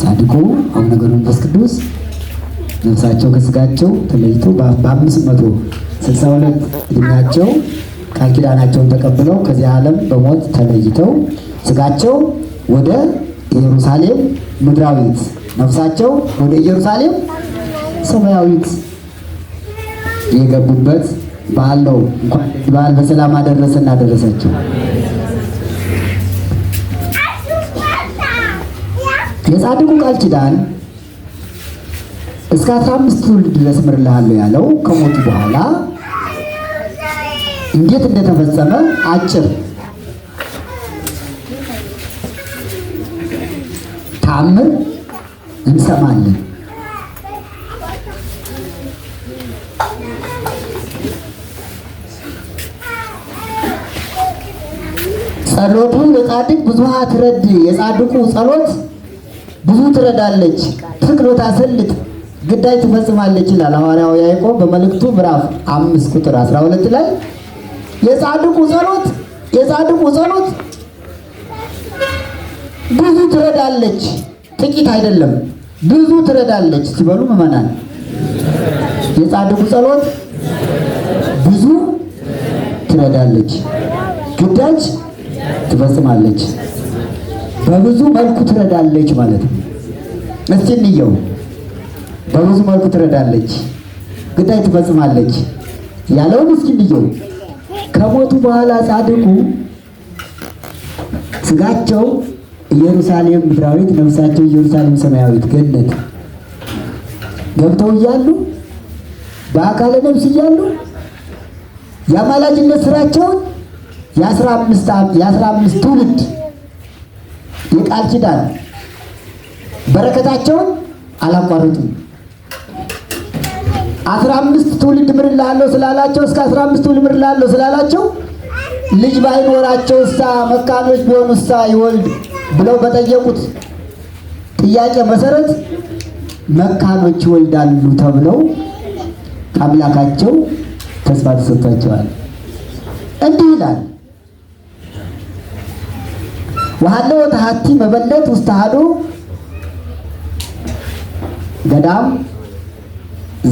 ጻድቁ አቡነ ገብረ መንፈስ ቅዱስ ነፍሳቸው ከስጋቸው ተለይቶ በአምስት መቶ ስልሳ ሁለት እድሜያቸው ቃል ኪዳናቸውን ተቀብለው ከዚህ ዓለም በሞት ተለይተው ስጋቸው ወደ ኢየሩሳሌም ምድራዊት ነፍሳቸው ወደ ኢየሩሳሌም ሰማያዊት የገቡበት በዓል ነው። እንኳን በዓል በሰላም አደረሰ እናደረሳቸው። የጻድቁ ቃል ኪዳን እስከ አስራ አምስት ትውልድ ድረስ ምርልሃለሁ ያለው ከሞቱ በኋላ እንዴት እንደተፈጸመ አጭር ታምር እንሰማለን። ጸሎቱ ለጻድቅ ብዙሃት ረድ የጻድቁ ጸሎት ብዙ ትረዳለች፣ ትክሎ ታሰልጥ፣ ግዳጅ ትፈጽማለች ይላል ሐዋርያው ያዕቆብ በመልእክቱ ምዕራፍ አምስት ቁጥር 12 ላይ የጻድቁ ጸሎት የጻድቁ ጸሎት ብዙ ትረዳለች፣ ጥቂት አይደለም፣ ብዙ ትረዳለች ሲበሉ ምዕመናን የጻድቁ ጸሎት ብዙ ትረዳለች፣ ግዳጅ ትፈጽማለች፣ በብዙ መልኩ ትረዳለች ማለት ነው። እስቲ እንየው። በብዙ መልኩ ትረዳለች፣ ግዳይ ትፈጽማለች ያለውን እስኪ እንየው። ከሞቱ በኋላ ጻድቁ ስጋቸው ኢየሩሳሌም ምድራዊት፣ ነፍሳቸው ኢየሩሳሌም ሰማያዊት ገነት ገብተው እያሉ በአካለ ነፍስ እያሉ የአማላጅነት ስራቸውን የአስራ አምስት ትውልድ የቃል ኪዳን በረከታቸውን አላቋረጡም። አስራ አምስት ትውልድ ምርላለሁ ስላላቸው እስከ አስራ አምስት ትውልድ ምርላለሁ ስላላቸው ልጅ ባይኖራቸው እሳ መካኖች ቢሆኑ እሳ ይወልድ ብለው በጠየቁት ጥያቄ መሰረት መካኖች ይወልዳሉ ተብለው ከአምላካቸው ተስፋ ተሰጥቷቸዋል። እንዲህ ይላል ወሃለው ተሃቲ መበለት ውስጥ ገዳም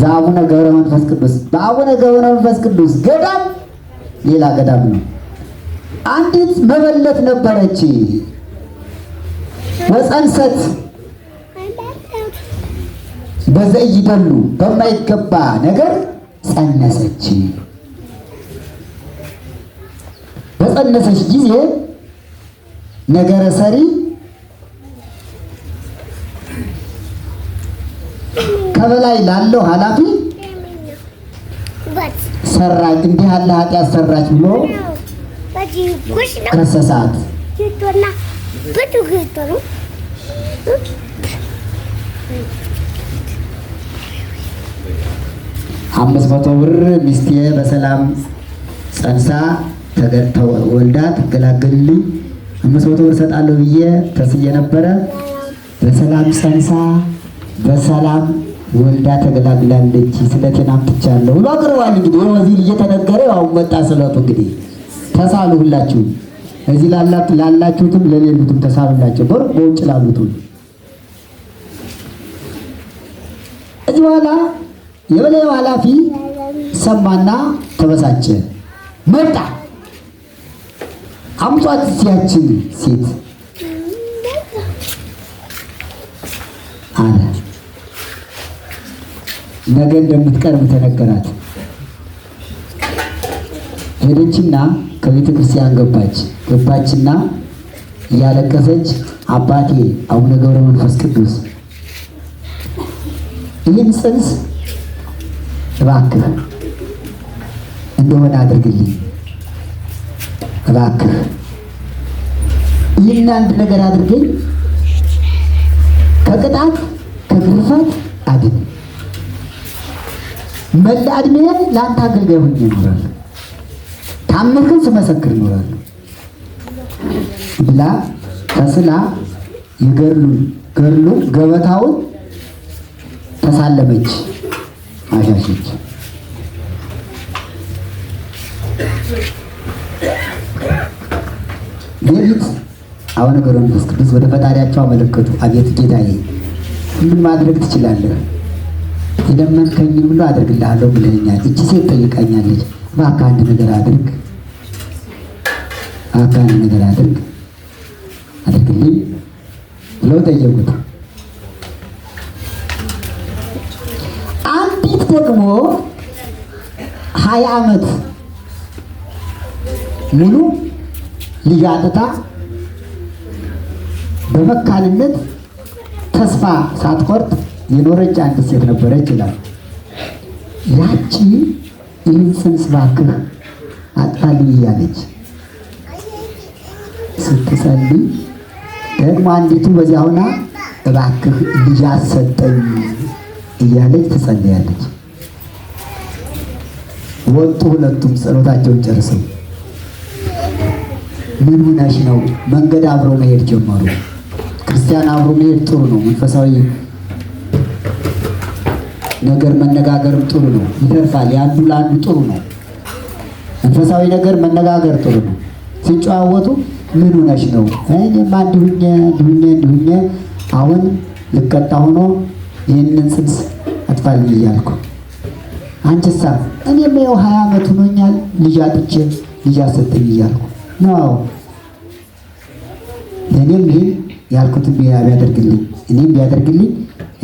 ዘአቡነ ገብረ መንፈስ ቅዱስ በአቡነ ገብረ መንፈስ ቅዱስ ገዳም ሌላ ገዳም ነው። አንዲት መበለት ነበረች፣ ወፀንሰት በዘይደሉ በማይገባ ነገር ጸነሰች። በጸነሰች ጊዜ ነገረ ሰሪ ከበላይ ላለው ኃላፊ ሰራች እንዲህ ያለ ኃጢአት ሰራች ብሎ ከሰሳት። አምስት መቶ ብር ሚስቴ በሰላም ጸንሳ ወልዳ ትገላገልልኝ አምስት መቶ ብር እሰጣለሁ ብዬ ተስዬ ነበረ። በሰላም ጸንሳ በሰላም ወልዳ ተገላግላለች፣ ስለቴን አምጥቻለሁ ብሎ አቅርቧል። እንግዲህ ወዚህ እየተነገረ ያው መጣ ስለቱ። እንግዲህ ተሳሉ ሁላችሁ እዚህ ላላችሁትም ለሌሉትም ተሳሉላቸው፣ በሩቅ በውጭ ላሉትም። እዚህ በኋላ የበላዩ ኃላፊ ሰማና ተበሳጨ። መጣ አምጧት ሲያችን ሴት ነገ እንደምትቀርብ ተነገራት። ሄደችና ከቤተ ክርስቲያን ገባች። ገባችና እያለቀሰች አባቴ አቡነ ገብረ መንፈስ ቅዱስ ይህን ጽንስ እባክህ እንደሆነ አድርግልኝ፣ እባክህ ይህን አንድ ነገር አድርገኝ፣ ከቅጣት ከግርፋት አድን መላ ዕድሜ ለአንተ አገልጋይ ሆኜ እኖራለሁ፣ ታምክን ስመሰክር እኖራለሁ ብላ ተስላ የገርሉን ገርሉ ገበታውን ተሳለመች፣ አሻሸች። ሌሊት አቡነ ገብረ መንፈስ ቅዱስ ወደ ፈጣሪያቸው አመለከቱ። አቤት ጌታዬ ማድረግ ትችላለህ የለመንከኝን ሁሉ አድርግልሃለሁ ብለኛል። እቺ ሴት ጠይቃኛለች፣ እባክህ አንድ ነገር አድርግ፣ እባክህ አንድ ነገር አድርግ አድርግልኝ ብለው ጠየቁት። አንዲት ደግሞ ሀያ አመት ሙሉ ልጅ አጥታ በመካንነት ተስፋ ሳትቆርጥ የኖረች አንዲት ሴት ነበረች ይላል። ያቺ ይህን ጽንስ እባክህ አጥፋልኝ እያለች ስትጸልይ ደግሞ አንዲቱ በዚያ ሆና እባክህ ልጅ አትሰጠኝ እያለች ትጸልያለች። ወጡ። ሁለቱም ጸሎታቸውን ጨርሰው ምን ሆነሽ ነው? መንገድ አብሮ መሄድ ጀመሩ። ክርስቲያን አብሮ መሄድ ጥሩ ነው። መንፈሳዊ ነገር መነጋገርም ጥሩ ነው፣ ይተርፋል። የአንዱ ለአንዱ ጥሩ ነው። መንፈሳዊ ነገር መነጋገር ጥሩ ነው። ሲጨዋወቱ ምን ሆነሽ ነው? እኔማ እንዲሁኜ እንዲሁኜ እንዲሁኜ አሁን ልቀጣ ሆኖ ይህንን ጽንስ አጥፋልኝ እያልኩ አንቺሳ እኔማ ይኸው ሀያ ዓመት ሆኖኛል ልጅ አጥቼ ልጅ አሰጠኝ እያልኩ ነው። ለእኔም ይህን ያልኩትን ቢያደርግልኝ እኔም ቢያደርግልኝ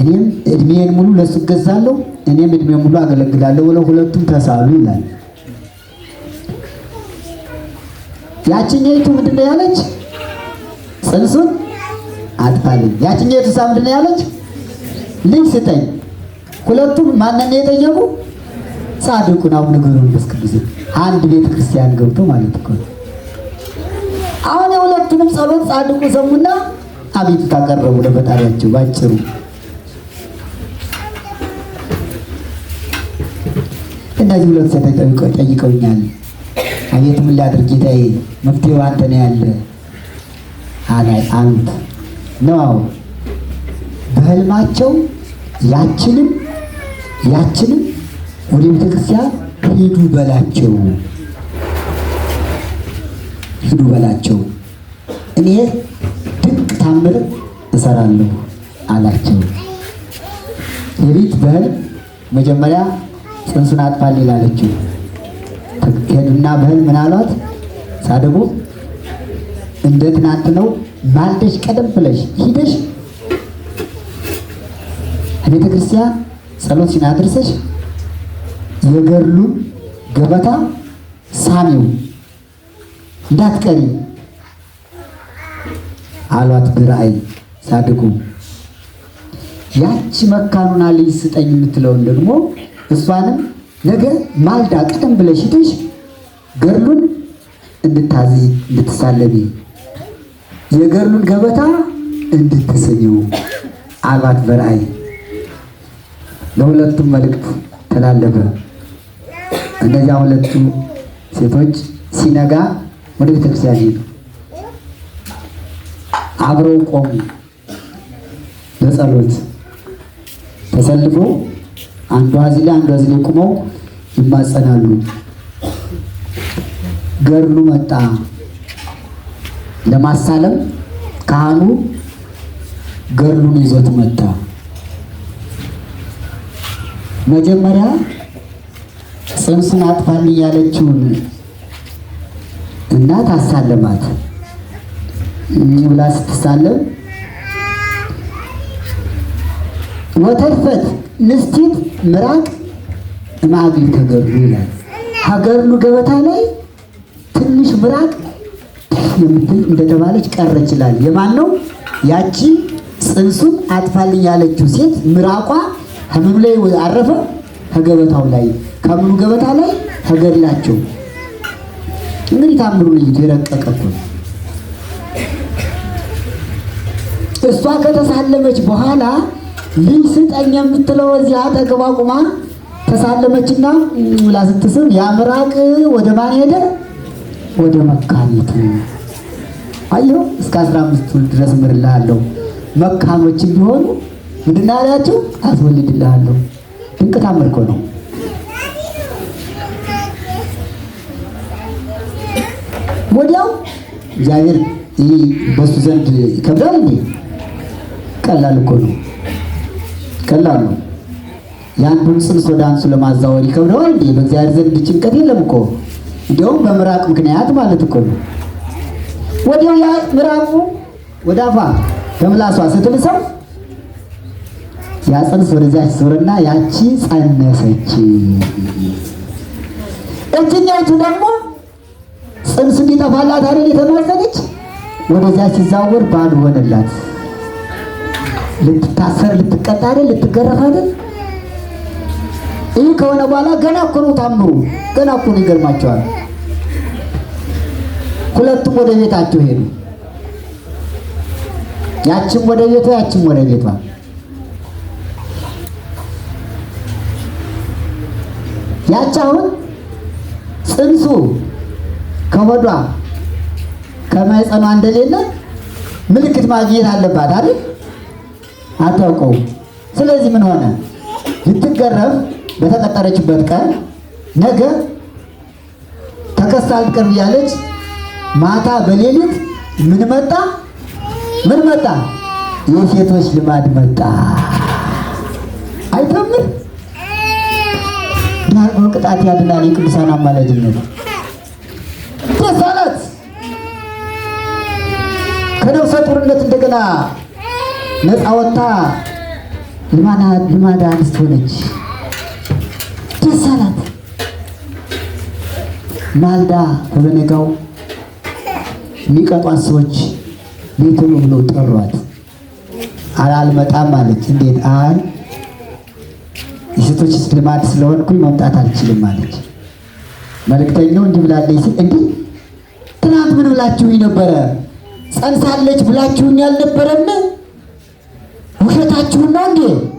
እኔም እድሜን ሙሉ ለሱ እገዛለሁ፣ እኔም እድሜን ሙሉ አገለግላለሁ ብለው ሁለቱም ተሳሉ ይላል። ያችኛይቱ ምንድን ነው ያለች? ጽንሱን አጥፋልኝ። ያችኛይቱ ሳ ምንድን ነው ያለች? ልጅ ስጠኝ። ሁለቱም ማንን የጠየቁ? ጻድቁን። አሁን ንገሩን መንፈስ ቅዱስ አንድ ቤተ ክርስቲያን ገብቶ ማለት እኮ አሁን የሁለቱንም ጸሎት ጻድቁ ሰሙና አቤቱታ አቀረቡ ለፈጣሪያቸው ባጭሩ እንደዚህ ብሎ ተጠይቀውኛል። አቤት ምን ላድርግ ጌታዬ፣ መፍትሄ አንተ ነው ያለ አሉት። ነው በህልማቸው ያችንም ያችንም ወደ ቤተክርስቲያን ሂዱ በላቸው ሂዱ በላቸው እኔ ድንቅ ታምር እሰራለሁ አላቸው። የቤት በህልም መጀመሪያ ጽንሱን አጥፋል ይላለችው ሄዱና በህል ምን አሏት ሳደቡ እንደ ትናንት ነው ማልደሽ ቀደም ብለሽ ሂደሽ ቤተ ክርስቲያን ጸሎት ሲናደርሰሽ የገርሉ ገበታ ሳሚው እንዳትቀሪ አሏት በራእይ ሳድጉ ያቺ መካኑና ልጅ ስጠኝ የምትለውን ደግሞ እሷንም ነገ ማልዳ ቀደም ብለሽ ሂደሽ ገርሉን እንድታዚ እንድትሳለቢ የገርሉን ገበታ እንድትስሚው አባት በራእይ ለሁለቱም መልእክት ተላለፈ። እነዚያ ሁለቱ ሴቶች ሲነጋ ወደ ቤተክርስቲያን ሄዱ። አብረው ቆሙ ለጸሎት ተሰልፈው አንዷ እዚህ ላይ አንዷ እዚህ ላይ ቁመው ይማጸናሉ። ገድሉ መጣ ለማሳለም ካህኑ ገድሉን ይዞት መጣ። መጀመሪያ ጽንሱን አጥፋልኝ ያለችውን እናት አሳለማት። እኚህ ብላ ስትሳለም ወተፈት ምስቲት ምራቅ ማግኝ ተገድሉ ይላል። ከገድሉ ገበታ ላይ ትንሽ ምራቅ የምትል እንደተባለች ቀረ ይችላል። የማን ነው? ያቺ ጽንሱን አጥፋልኝ ያለችው ሴት ምራቋ ከምኑ ላይ አረፈ? ከገበታው ላይ። ከምኑ ገበታ ላይ? ከገድላቸው። እንግዲህ ታምሩ ልይቱ የረቀቀ እሷ ከተሳለመች በኋላ ልጅ ስጠኝ የምትለው እዚህ አጠገቧ ቁማ ተሳለመችና ብላ ስትስም ያ ምራቅ ወደ ማን ሄደ? ወደ መካኒቱ። አየሁ እስከ አስራ አምስቱ ድረስ ምርልሃለሁ። መካኖች ቢሆኑ ምንድን አላቸው? አስወልድልሃለሁ። ድንቅ ታምር እኮ ነው። ወዲያው እግዚአብሔር ይህ በሱ ዘንድ ይከብዳል እንዴ? ቀላል እኮ ነው። ቀላሉ የአንዱን ጽንስ ወደ አንሱ ለማዛወር ይከብደዋል እንዴ? በእግዚአብሔር ዘንድ ጭንቀት የለም እኮ እንዲሁም በምራቅ ምክንያት ማለት እኮ ነው። ወዲያው ያ ምራቁ ወደ አፏ በምላሷ ስትልሰው ያጽንስ ወደዚያ ሲዞርና ያቺ ጸነሰች። እጅኛይቱ ደግሞ ጽንሱ እንዲጠፋላት አይደል የተማዘነች፣ ወደዚያ ሲዛወር ባል ሆነላት። ልትታሰር ልትቀጣ አይደል? ልትገረፍ አይደል? ይህ ከሆነ በኋላ ገና እኮ ነው ታምሩ፣ ገና እኮ ነው ይገርማቸዋል። ሁለቱም ወደ ቤታቸው ሄዱ። ያችም ወደ ቤቷ፣ ያችም ወደ ቤቷ። ያች አሁን ጽንሱ ከወዷ ከማህፀኗ እንደሌለ ምልክት ማግኘት አለባት አይደል? አታውቀውም። ስለዚህ ምን ሆነ? ልትገረፍ በተቀጠረችበት ቀን ነገ ተከሳል ቅርብ ያለች ማታ በሌሊት ምን መጣ? ምን መጣ? የሴቶች ልማድ መጣ። አይተምር ዳርጎ ቅጣት ያድናል። የቅዱሳን አማላጅነት ደስ አላት ከነፍሰ ጡርነት እንደገና ነፃ ወጣ ልማዳ አንስት ሆነች። ደስ አላት። ማልዳ በበነጋው የሚቀጧት ሰዎች ቤትሉ ብለው ጠሯት። አላልመጣም አለች። እንዴት አይ የሴቶች ልማድ ስለሆንኩኝ መምጣት አልችልም አለች። መልእክተኛው እንዲህ ብላለች ሲል እንዲህ ትናንት ምን ብላችሁኝ ነበረ? ጸንሳለች ብላችሁኝ አልነበረም? ውሸታችሁና እንዴ